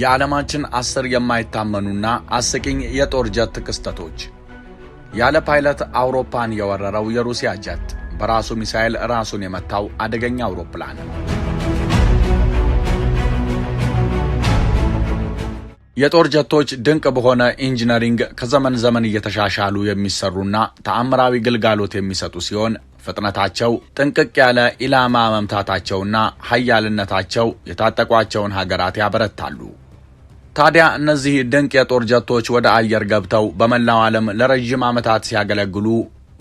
የዓለማችን አስር የማይታመኑና አስቂኝ የጦር ጀት ክስተቶች። ያለ ፓይለት አውሮፓን የወረረው የሩሲያ ጀት፣ በራሱ ሚሳኤል ራሱን የመታው አደገኛ አውሮፕላን። የጦር ጀቶች ድንቅ በሆነ ኢንጂነሪንግ ከዘመን ዘመን እየተሻሻሉ የሚሰሩና ተአምራዊ ግልጋሎት የሚሰጡ ሲሆን ፍጥነታቸው ጥንቅቅ ያለ ኢላማ መምታታቸውና ሀያልነታቸው የታጠቋቸውን ሀገራት ያበረታሉ። ታዲያ እነዚህ ድንቅ የጦር ጀቶች ወደ አየር ገብተው በመላው ዓለም ለረዥም ዓመታት ሲያገለግሉ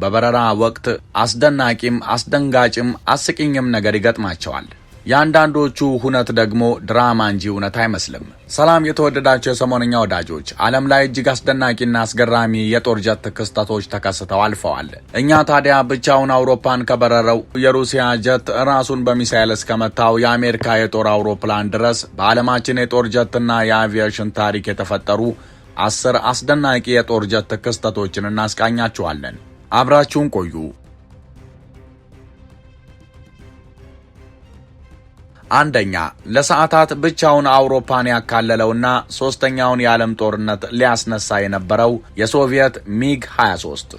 በበረራ ወቅት አስደናቂም አስደንጋጭም አስቂኝም ነገር ይገጥማቸዋል። የአንዳንዶቹ ሁነት ደግሞ ድራማ እንጂ እውነት አይመስልም። ሰላም የተወደዳቸው የሰሞነኛ ወዳጆች፣ ዓለም ላይ እጅግ አስደናቂና አስገራሚ የጦር ጀት ክስተቶች ተከስተው አልፈዋል። እኛ ታዲያ ብቻውን አውሮፓን ከበረረው የሩሲያ ጀት ራሱን በሚሳይል እስከመታው የአሜሪካ የጦር አውሮፕላን ድረስ በዓለማችን የጦር ጀትና የአቪዬሽን ታሪክ የተፈጠሩ አስር አስደናቂ የጦር ጀት ክስተቶችን እናስቃኛችኋለን። አብራችሁን ቆዩ። አንደኛ ለሰዓታት ብቻውን አውሮፓን ያካለለውና ሶስተኛውን የዓለም ጦርነት ሊያስነሳ የነበረው የሶቪየት ሚግ 23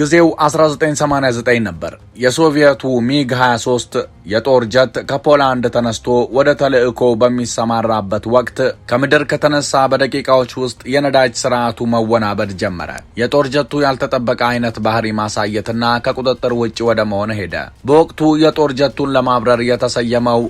ጊዜው 1989 ነበር። የሶቪየቱ ሚግ 23 የጦር ጀት ከፖላንድ ተነስቶ ወደ ተልዕኮ በሚሰማራበት ወቅት ከምድር ከተነሳ በደቂቃዎች ውስጥ የነዳጅ ስርዓቱ መወናበድ ጀመረ። የጦር ጀቱ ያልተጠበቀ አይነት ባህሪ ማሳየትና ከቁጥጥር ውጭ ወደ መሆን ሄደ። በወቅቱ የጦር ጀቱን ለማብረር የተሰየመው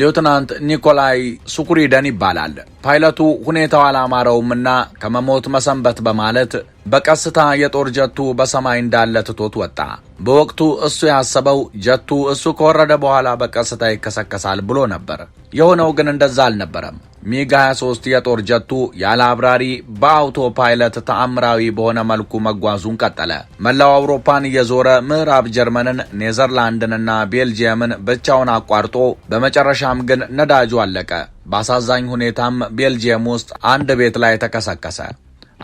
ሌውትናንት ኒኮላይ ሱኩሪደን ይባላል። ፓይለቱ ሁኔታው አላማረውምና ከመሞት መሰንበት በማለት በቀስታ የጦር ጀቱ በሰማይ እንዳለ ትቶት ወጣ። በወቅቱ እሱ ያሰበው ጀቱ እሱ ከወረደ በኋላ በቀስታ ይከሰከሳል ብሎ ነበር። የሆነው ግን እንደዛ አልነበረም። ሚግ 23 የጦር ጀቱ ያለ አብራሪ በአውቶ ፓይለት ተአምራዊ በሆነ መልኩ መጓዙን ቀጠለ። መላው አውሮፓን እየዞረ ምዕራብ ጀርመንን፣ ኔዘርላንድንና ቤልጅየምን ብቻውን አቋርጦ በመጨረሻም ግን ነዳጁ አለቀ። በአሳዛኝ ሁኔታም ቤልጅየም ውስጥ አንድ ቤት ላይ ተከሰከሰ።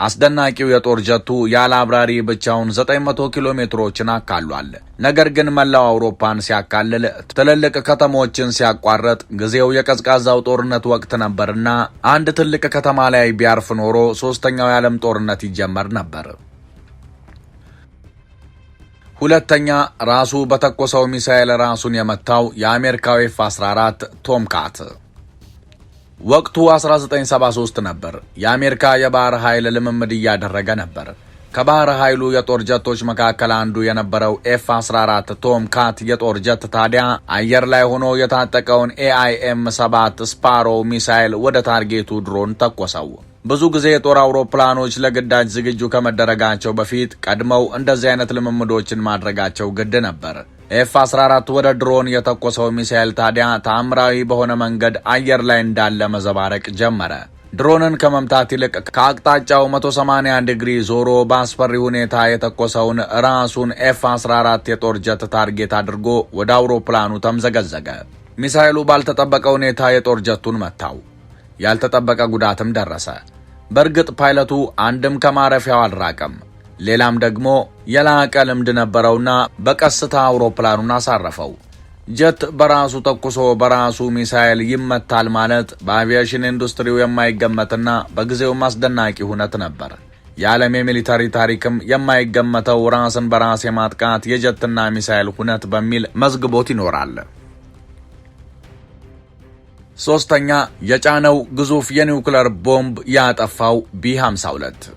አስደናቂው የጦር ጀቱ ያለ አብራሪ ብቻውን 900 ኪሎ ሜትሮችን አካሏል። ነገር ግን መላው አውሮፓን ሲያካልል ትልልቅ ከተሞችን ሲያቋርጥ ጊዜው የቀዝቃዛው ጦርነት ወቅት ነበርና አንድ ትልቅ ከተማ ላይ ቢያርፍ ኖሮ ሶስተኛው የዓለም ጦርነት ይጀመር ነበር። ሁለተኛ ራሱ በተኮሰው ሚሳኤል ራሱን የመታው የአሜሪካው ኤፍ 14 ቶምካት ወቅቱ 1973 ነበር። የአሜሪካ የባህር ኃይል ልምምድ እያደረገ ነበር። ከባህር ኃይሉ የጦር ጀቶች መካከል አንዱ የነበረው ኤፍ 14 ቶም ካት የጦር ጀት ታዲያ አየር ላይ ሆኖ የታጠቀውን ኤአይኤም 7 ስፓሮ ሚሳይል ወደ ታርጌቱ ድሮን ተኮሰው። ብዙ ጊዜ የጦር አውሮፕላኖች ለግዳጅ ዝግጁ ከመደረጋቸው በፊት ቀድመው እንደዚህ አይነት ልምምዶችን ማድረጋቸው ግድ ነበር። ኤፍ 14 ወደ ድሮን የተኮሰው ሚሳኤል ታዲያ ተአምራዊ በሆነ መንገድ አየር ላይ እንዳለ መዘባረቅ ጀመረ። ድሮንን ከመምታት ይልቅ ከአቅጣጫው 180 ዲግሪ ዞሮ በአስፈሪ ሁኔታ የተኮሰውን ራሱን ኤፍ 14 የጦር ጀት ታርጌት አድርጎ ወደ አውሮፕላኑ ተምዘገዘገ። ሚሳኤሉ ባልተጠበቀ ሁኔታ የጦር ጀቱን መታው። ያልተጠበቀ ጉዳትም ደረሰ። በእርግጥ ፓይለቱ አንድም ከማረፊያው አልራቀም። ሌላም ደግሞ የላቀ ልምድ ነበረውና በቀስታ አውሮፕላኑን አሳረፈው። ጀት በራሱ ተኩሶ በራሱ ሚሳኤል ይመታል ማለት በአቪዬሽን ኢንዱስትሪው የማይገመትና በጊዜውም አስደናቂ ሁነት ነበር። የዓለም የሚሊታሪ ታሪክም የማይገመተው ራስን በራስ የማጥቃት የጀትና ሚሳኤል ሁነት በሚል መዝግቦት ይኖራል። ሶስተኛ የጫነው ግዙፍ የኒውክለር ቦምብ ያጠፋው ቢ52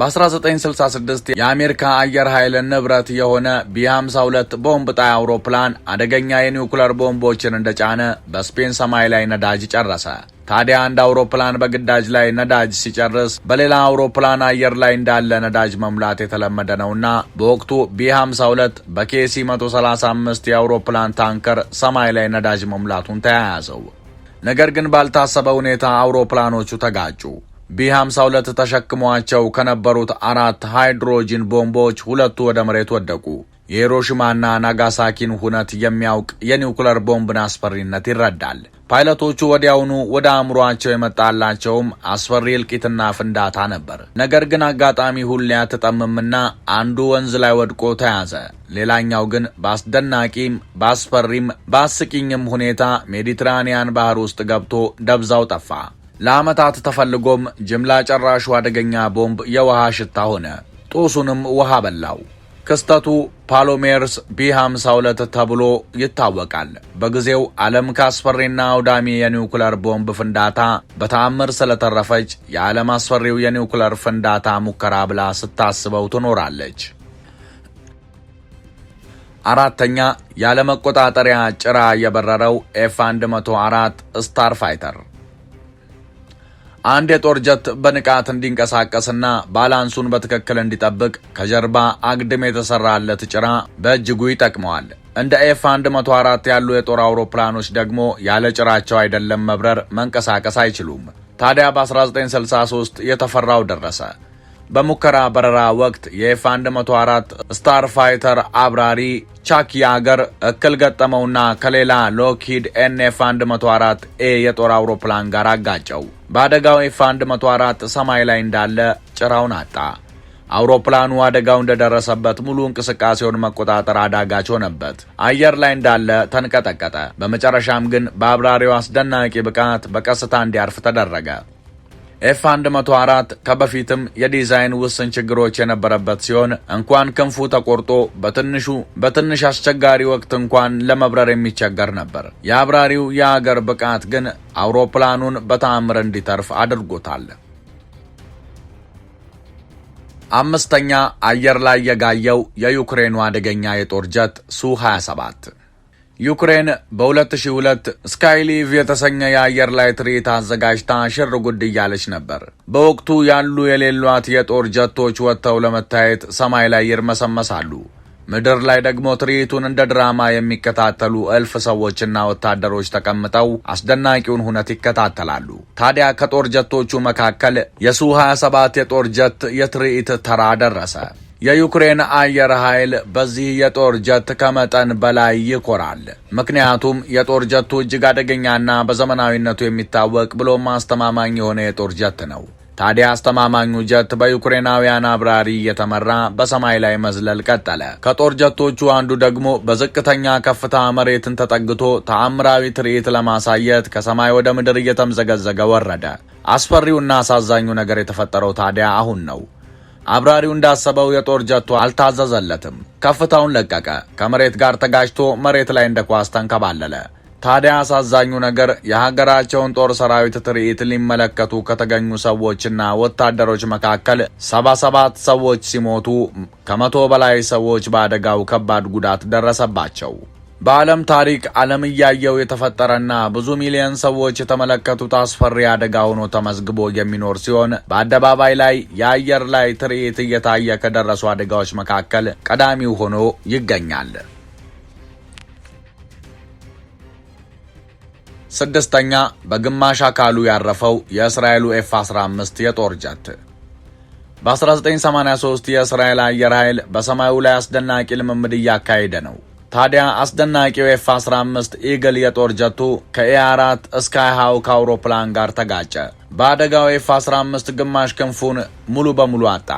በ1966 የአሜሪካ አየር ኃይል ንብረት የሆነ ቢ52 ቦምብ ጣይ አውሮፕላን አደገኛ የኒውክለር ቦምቦችን እንደጫነ በስፔን ሰማይ ላይ ነዳጅ ጨረሰ። ታዲያ አንድ አውሮፕላን በግዳጅ ላይ ነዳጅ ሲጨርስ በሌላ አውሮፕላን አየር ላይ እንዳለ ነዳጅ መሙላት የተለመደ ነውና በወቅቱ ቢ52 በኬሲ 135 የአውሮፕላን ታንከር ሰማይ ላይ ነዳጅ መሙላቱን ተያያዘው። ነገር ግን ባልታሰበ ሁኔታ አውሮፕላኖቹ ተጋጩ። ቢ52 ተሸክመዋቸው ከነበሩት አራት ሃይድሮጂን ቦምቦች ሁለቱ ወደ መሬት ወደቁ። የሂሮሺማና ናጋሳኪን ሁነት የሚያውቅ የኒውክለር ቦምብን አስፈሪነት ይረዳል። ፓይለቶቹ ወዲያውኑ ወደ አእምሯቸው የመጣላቸውም አስፈሪ እልቂትና ፍንዳታ ነበር። ነገር ግን አጋጣሚ ሁሌ አትጠምምና አንዱ ወንዝ ላይ ወድቆ ተያዘ። ሌላኛው ግን በአስደናቂም በአስፈሪም በአስቂኝም ሁኔታ ሜዲትራኒያን ባህር ውስጥ ገብቶ ደብዛው ጠፋ። ለዓመታት ተፈልጎም ጅምላ ጨራሹ አደገኛ ቦምብ የውሃ ሽታ ሆነ፣ ጦሱንም ውሃ በላው። ክስተቱ ፓሎሜርስ ቢ52 ተብሎ ይታወቃል። በጊዜው ዓለም ከአስፈሪና አውዳሚ የኒውክለር ቦምብ ፍንዳታ በተአምር ስለተረፈች የዓለም አስፈሪው የኒውክለር ፍንዳታ ሙከራ ብላ ስታስበው ትኖራለች። አራተኛ ያለመቆጣጠሪያ ጭራ የበረረው ኤፍ 104 ስታር ፋይተር አንድ የጦር ጀት በንቃት እንዲንቀሳቀስና ባላንሱን በትክክል እንዲጠብቅ ከጀርባ አግድም የተሰራለት ጭራ በእጅጉ ይጠቅመዋል። እንደ ኤፍ 104 ያሉ የጦር አውሮፕላኖች ደግሞ ያለ ጭራቸው አይደለም መብረር፣ መንቀሳቀስ አይችሉም። ታዲያ በ1963 የተፈራው ደረሰ። በሙከራ በረራ ወቅት የኤፍ 104 ስታር ፋይተር አብራሪ ቻክ ያገር እክል ገጠመውና ከሌላ ሎክሂድ ኤንኤፍ 104 ኤ የጦር አውሮፕላን ጋር አጋጨው። በአደጋው ኤፍ 104 ሰማይ ላይ እንዳለ ጭራውን አጣ። አውሮፕላኑ አደጋው እንደደረሰበት ሙሉ እንቅስቃሴውን መቆጣጠር አዳጋች ሆነበት። አየር ላይ እንዳለ ተንቀጠቀጠ። በመጨረሻም ግን በአብራሪው አስደናቂ ብቃት በቀስታ እንዲያርፍ ተደረገ። ኤፍ 104 ከበፊትም የዲዛይን ውስን ችግሮች የነበረበት ሲሆን እንኳን ክንፉ ተቆርጦ በትንሹ በትንሽ አስቸጋሪ ወቅት እንኳን ለመብረር የሚቸገር ነበር። የአብራሪው የአገር ብቃት ግን አውሮፕላኑን በተአምር እንዲተርፍ አድርጎታል። አምስተኛ አየር ላይ የጋየው የዩክሬኑ አደገኛ የጦር ጀት ሱ 27 ዩክሬን በ2002 ስካይሊቭ የተሰኘ የአየር ላይ ትርኢት አዘጋጅታ ሽር ጉድ እያለች ነበር። በወቅቱ ያሉ የሌሏት የጦር ጀቶች ወጥተው ለመታየት ሰማይ ላይ ይርመሰመሳሉ። ምድር ላይ ደግሞ ትርኢቱን እንደ ድራማ የሚከታተሉ እልፍ ሰዎችና ወታደሮች ተቀምጠው አስደናቂውን ሁነት ይከታተላሉ። ታዲያ ከጦር ጀቶቹ መካከል የሱ 27 የጦር ጀት የትርኢት ተራ ደረሰ። የዩክሬን አየር ኃይል በዚህ የጦር ጀት ከመጠን በላይ ይኮራል። ምክንያቱም የጦር ጀቱ እጅግ አደገኛና በዘመናዊነቱ የሚታወቅ ብሎም አስተማማኝ የሆነ የጦር ጀት ነው። ታዲያ አስተማማኙ ጀት በዩክሬናውያን አብራሪ እየተመራ በሰማይ ላይ መዝለል ቀጠለ። ከጦር ጀቶቹ አንዱ ደግሞ በዝቅተኛ ከፍታ መሬትን ተጠግቶ ተአምራዊ ትርኢት ለማሳየት ከሰማይ ወደ ምድር እየተምዘገዘገ ወረደ። አስፈሪውና አሳዛኙ ነገር የተፈጠረው ታዲያ አሁን ነው። አብራሪው እንዳሰበው የጦር ጀቱ አልታዘዘለትም። ከፍታውን ለቀቀ። ከመሬት ጋር ተጋጅቶ መሬት ላይ እንደ ኳስ ተንከባለለ። ታዲያ አሳዛኙ ነገር የሀገራቸውን ጦር ሰራዊት ትርኢት ሊመለከቱ ከተገኙ ሰዎችና ወታደሮች መካከል 77 ሰዎች ሲሞቱ ከመቶ በላይ ሰዎች በአደጋው ከባድ ጉዳት ደረሰባቸው። በዓለም ታሪክ ዓለም እያየው የተፈጠረና ብዙ ሚሊዮን ሰዎች የተመለከቱት አስፈሪ አደጋ ሆኖ ተመዝግቦ የሚኖር ሲሆን በአደባባይ ላይ የአየር ላይ ትርኢት እየታየ ከደረሱ አደጋዎች መካከል ቀዳሚው ሆኖ ይገኛል። ስድስተኛ በግማሽ አካሉ ያረፈው የእስራኤሉ ኤፍ 15 የጦር ጀት በ1983 የእስራኤል አየር ኃይል በሰማዩ ላይ አስደናቂ ልምምድ እያካሄደ ነው። ታዲያ አስደናቂው ኤፍ 15 ኢግል የጦር ጀቱ ከኤ4 ስካይ ሃውክ አውሮፕላን ጋር ተጋጨ። በአደጋው ኤፍ 15 ግማሽ ክንፉን ሙሉ በሙሉ አጣ።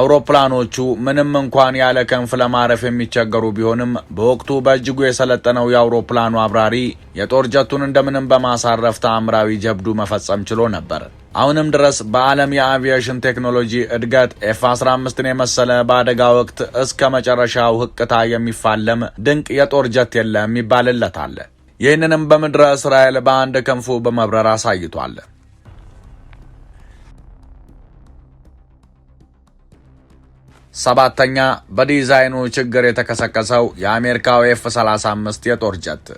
አውሮፕላኖቹ ምንም እንኳን ያለ ክንፍ ለማረፍ የሚቸገሩ ቢሆንም በወቅቱ በእጅጉ የሰለጠነው የአውሮፕላኑ አብራሪ የጦር ጀቱን እንደምንም በማሳረፍ ተአምራዊ ጀብዱ መፈጸም ችሎ ነበር። አሁንም ድረስ በዓለም የአቪዬሽን ቴክኖሎጂ እድገት ኤፍ 15ን የመሰለ በአደጋ ወቅት እስከ መጨረሻው ህቅታ የሚፋለም ድንቅ የጦር ጀት የለም ይባልለታል። ይህንንም በምድረ እስራኤል በአንድ ክንፉ በመብረር አሳይቷል። ሰባተኛ በዲዛይኑ ችግር የተከሰከሰው የአሜሪካው ኤፍ 35 የጦር ጀት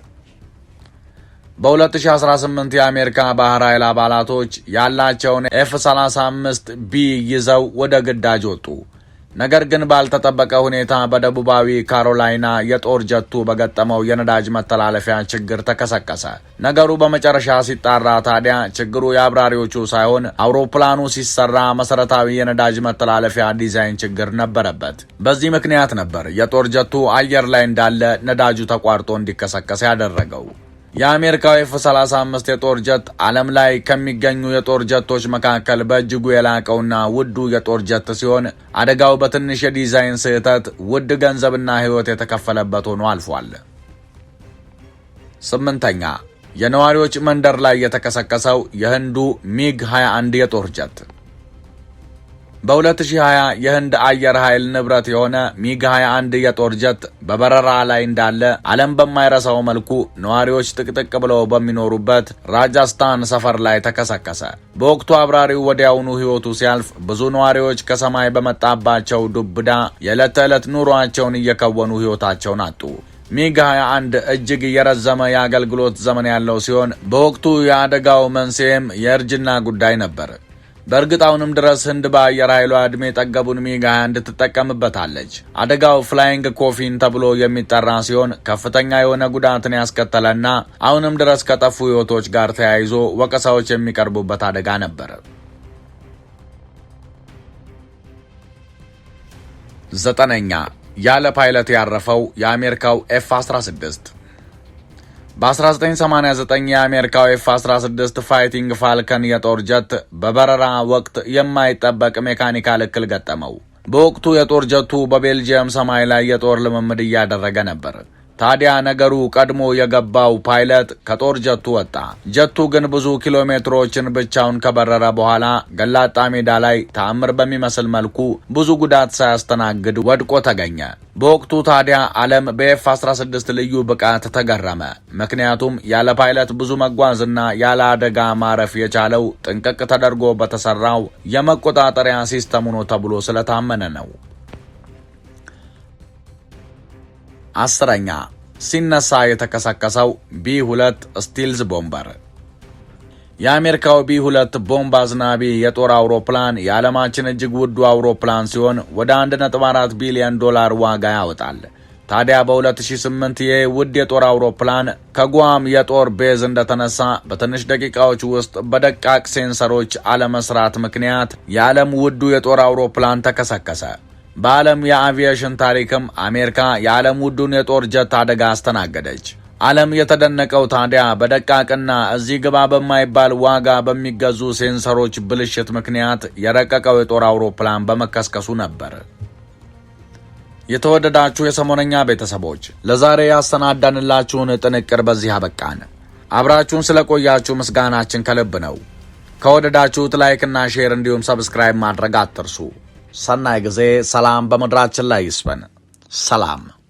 በ2018 የአሜሪካ ባህር ኃይል አባላቶች ያላቸውን ኤፍ 35 ቢ ይዘው ወደ ግዳጅ ወጡ። ነገር ግን ባልተጠበቀ ሁኔታ በደቡባዊ ካሮላይና የጦር ጀቱ በገጠመው የነዳጅ መተላለፊያ ችግር ተከሰቀሰ። ነገሩ በመጨረሻ ሲጣራ ታዲያ ችግሩ የአብራሪዎቹ ሳይሆን አውሮፕላኑ ሲሰራ መሰረታዊ የነዳጅ መተላለፊያ ዲዛይን ችግር ነበረበት። በዚህ ምክንያት ነበር የጦር ጀቱ አየር ላይ እንዳለ ነዳጁ ተቋርጦ እንዲከሰከስ ያደረገው። የአሜሪካው ኤፍ 35 የጦር ጀት ዓለም ላይ ከሚገኙ የጦር ጀቶች መካከል በእጅጉ የላቀውና ውዱ የጦር ጀት ሲሆን አደጋው በትንሽ የዲዛይን ስህተት ውድ ገንዘብና ሕይወት የተከፈለበት ሆኖ አልፏል። ስምንተኛ የነዋሪዎች መንደር ላይ የተከሰከሰው የህንዱ ሚግ 21 የጦር ጀት በ2020 የህንድ አየር ኃይል ንብረት የሆነ ሚግ 21 የጦር ጀት በበረራ ላይ እንዳለ ዓለም በማይረሳው መልኩ ነዋሪዎች ጥቅጥቅ ብለው በሚኖሩበት ራጃስታን ሰፈር ላይ ተከሰከሰ። በወቅቱ አብራሪው ወዲያውኑ ሕይወቱ ሲያልፍ፣ ብዙ ነዋሪዎች ከሰማይ በመጣባቸው ዱብዳ የዕለት ተዕለት ኑሯቸውን እየከወኑ ሕይወታቸውን አጡ። ሚግ 21 እጅግ የረዘመ የአገልግሎት ዘመን ያለው ሲሆን በወቅቱ የአደጋው መንስኤም የእርጅና ጉዳይ ነበር። በእርግጥ አሁንም ድረስ ህንድ በአየር ኃይሏ ዕድሜ ጠገቡን ሚግ 21 ትጠቀምበታለች። አደጋው ፍላይንግ ኮፊን ተብሎ የሚጠራ ሲሆን ከፍተኛ የሆነ ጉዳትን ያስከተለና አሁንም ድረስ ከጠፉ ህይወቶች ጋር ተያይዞ ወቀሳዎች የሚቀርቡበት አደጋ ነበር። ዘጠነኛ ያለ ፓይለት ያረፈው የአሜሪካው ኤፍ 16 በ1989 የአሜሪካው ኤፍ 16 ፋይቲንግ ፋልከን የጦር ጀት በበረራ ወቅት የማይጠበቅ ሜካኒካል እክል ገጠመው። በወቅቱ የጦር ጀቱ በቤልጅየም ሰማይ ላይ የጦር ልምምድ እያደረገ ነበር። ታዲያ ነገሩ ቀድሞ የገባው ፓይለት ከጦር ጀቱ ወጣ። ጀቱ ግን ብዙ ኪሎ ሜትሮችን ብቻውን ከበረረ በኋላ ገላጣ ሜዳ ላይ ተአምር በሚመስል መልኩ ብዙ ጉዳት ሳያስተናግድ ወድቆ ተገኘ። በወቅቱ ታዲያ ዓለም በኤፍ 16 ልዩ ብቃት ተገረመ። ምክንያቱም ያለ ፓይለት ብዙ መጓዝና ያለ አደጋ ማረፍ የቻለው ጥንቅቅ ተደርጎ በተሰራው የመቆጣጠሪያ ሲስተም ሆኖ ተብሎ ስለታመነ ነው። አስረኛ ሲነሳ የተከሰከሰው ቢ2 ስቲልዝ ቦምበር የአሜሪካው ቢ2 ቦምብ አዝናቢ የጦር አውሮፕላን የዓለማችን እጅግ ውዱ አውሮፕላን ሲሆን ወደ 1.4 ቢሊዮን ዶላር ዋጋ ያወጣል። ታዲያ በ2008 ይህ ውድ የጦር አውሮፕላን ከጓም የጦር ቤዝ እንደተነሳ በትንሽ ደቂቃዎች ውስጥ በደቃቅ ሴንሰሮች አለመስራት ምክንያት የዓለም ውዱ የጦር አውሮፕላን ተከሰከሰ። በዓለም የአቪዬሽን ታሪክም አሜሪካ የዓለም ውዱን የጦር ጀት አደጋ አስተናገደች። ዓለም የተደነቀው ታዲያ በደቃቅና እዚህ ግባ በማይባል ዋጋ በሚገዙ ሴንሰሮች ብልሽት ምክንያት የረቀቀው የጦር አውሮፕላን በመከስከሱ ነበር። የተወደዳችሁ የሰሞነኛ ቤተሰቦች ለዛሬ ያሰናዳንላችሁን ጥንቅር በዚህ አበቃን። አብራችሁን ስለቆያችሁ ምስጋናችን ከልብ ነው። ከወደዳችሁት ላይክና ሼር እንዲሁም ሰብስክራይብ ማድረግ አትርሱ። ሰናይ ጊዜ። ሰላም በምድራችን ላይ ይስፈን። ሰላም